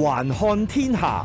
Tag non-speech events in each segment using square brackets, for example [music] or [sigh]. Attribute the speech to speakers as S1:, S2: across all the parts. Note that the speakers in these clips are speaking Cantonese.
S1: 環看天下。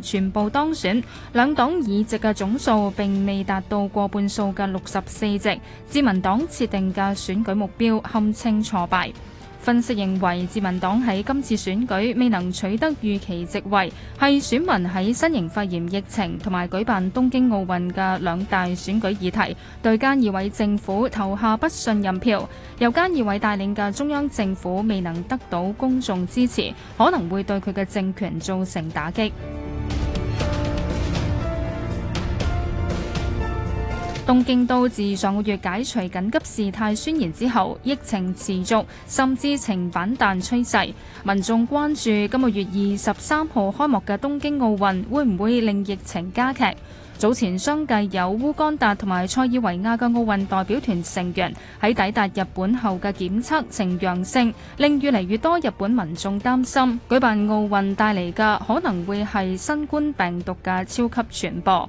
S1: 全部當選，兩黨議席嘅總數並未達到過半數嘅六十四席，自民黨設定嘅選舉目標堪稱挫敗。分析認為，自民黨喺今次選舉未能取得預期席位，係選民喺新型肺炎疫情同埋舉辦東京奧運嘅兩大選舉議題，對菅義偉政府投下不信任票。由菅義偉帶領嘅中央政府未能得到公眾支持，可能會對佢嘅政權造成打擊。東京都自上個月解除緊急事態宣言之後，疫情持續，甚至呈反彈趨勢。民眾關注今個月二十三號開幕嘅東京奧運會唔會令疫情加劇。早前相繼有烏干達同埋塞爾維亞嘅奧運代表團成員喺抵達日本後嘅檢測呈陽性，令越嚟越多日本民眾擔心舉辦奧運帶嚟嘅可能會係新冠病毒嘅超級傳播。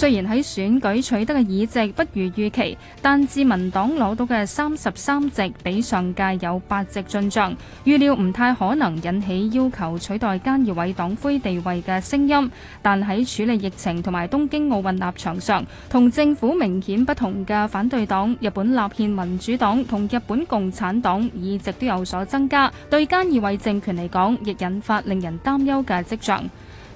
S1: 雖然喺選舉取得嘅議席不如預期，但自民黨攞到嘅三十三席比上屆有八席進帳，預料唔太可能引起要求取代菅義偉黨魁地位嘅聲音。但喺處理疫情同埋東京奧運立場上，同政府明顯不同嘅反對黨日本立憲民主黨同日本共產黨議席都有所增加，對菅義偉政權嚟講亦引發令人擔憂嘅跡象。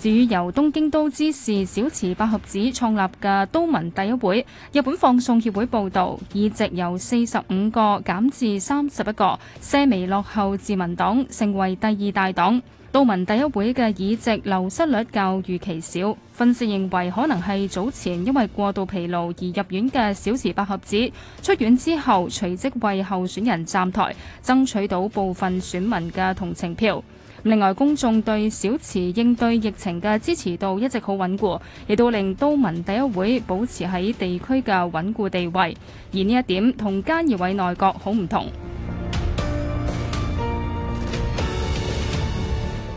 S1: 至於由東京都知事小池百合子創立嘅都民第一會，日本放送協會報導，議席由四十五個減至三十一個，些微落後自民黨成為第二大黨。都民第一會嘅議席流失率較預期少，分析認為可能係早前因為過度疲勞而入院嘅小池百合子出院之後，隨即為候選人站台，爭取到部分選民嘅同情票。另外，公眾對小池應對疫情嘅支持度一直好穩固，亦都令都民第一會保持喺地區嘅穩固地位。而呢一點同菅義偉內閣好唔同。 [music]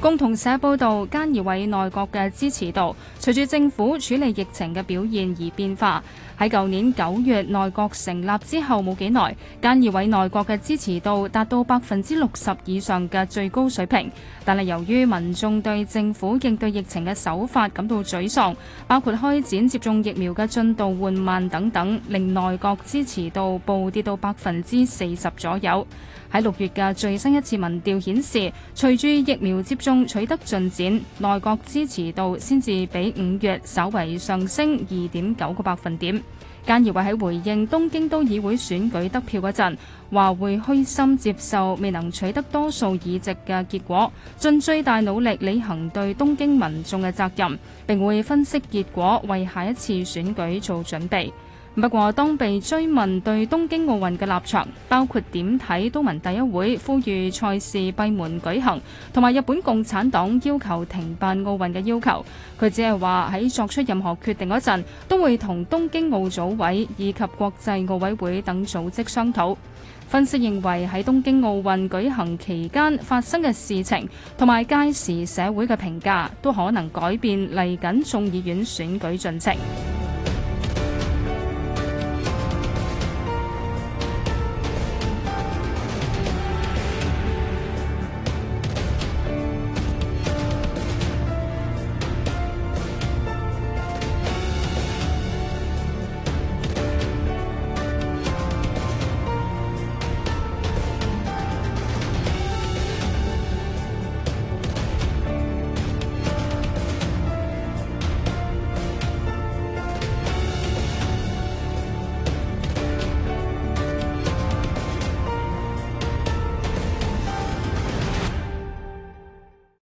S1: 共同社報道，菅義偉內閣嘅支持度隨住政府處理疫情嘅表現而變化。喺舊年九月內閣成立之後冇幾耐，菅義偉內閣嘅支持度達到百分之六十以上嘅最高水平。但係由於民眾對政府應對疫情嘅手法感到沮喪，包括開展接種疫苗嘅進度緩慢等等，令內閣支持度暴跌到百分之四十左右。喺六月嘅最新一次民調顯示，隨住疫苗接種取得進展，內閣支持度先至比五月稍為上升二點九個百分點。菅義偉喺回應東京都議會選舉得票嗰陣，話會虛心接受未能取得多數議席嘅結果，盡最大努力履行對東京民眾嘅責任，並會分析結果，為下一次選舉做準備。不過，當被追問對東京奧運嘅立場，包括點睇都民第一會呼籲賽事閉門舉行，同埋日本共產黨要求停辦奧運嘅要求，佢只係話喺作出任何決定嗰陣，都會同東京奧組委以及國際奧委會等組織商討。分析認為喺東京奧運舉行期間發生嘅事情，同埋屆時社會嘅評價，都可能改變嚟緊眾議院選舉進程。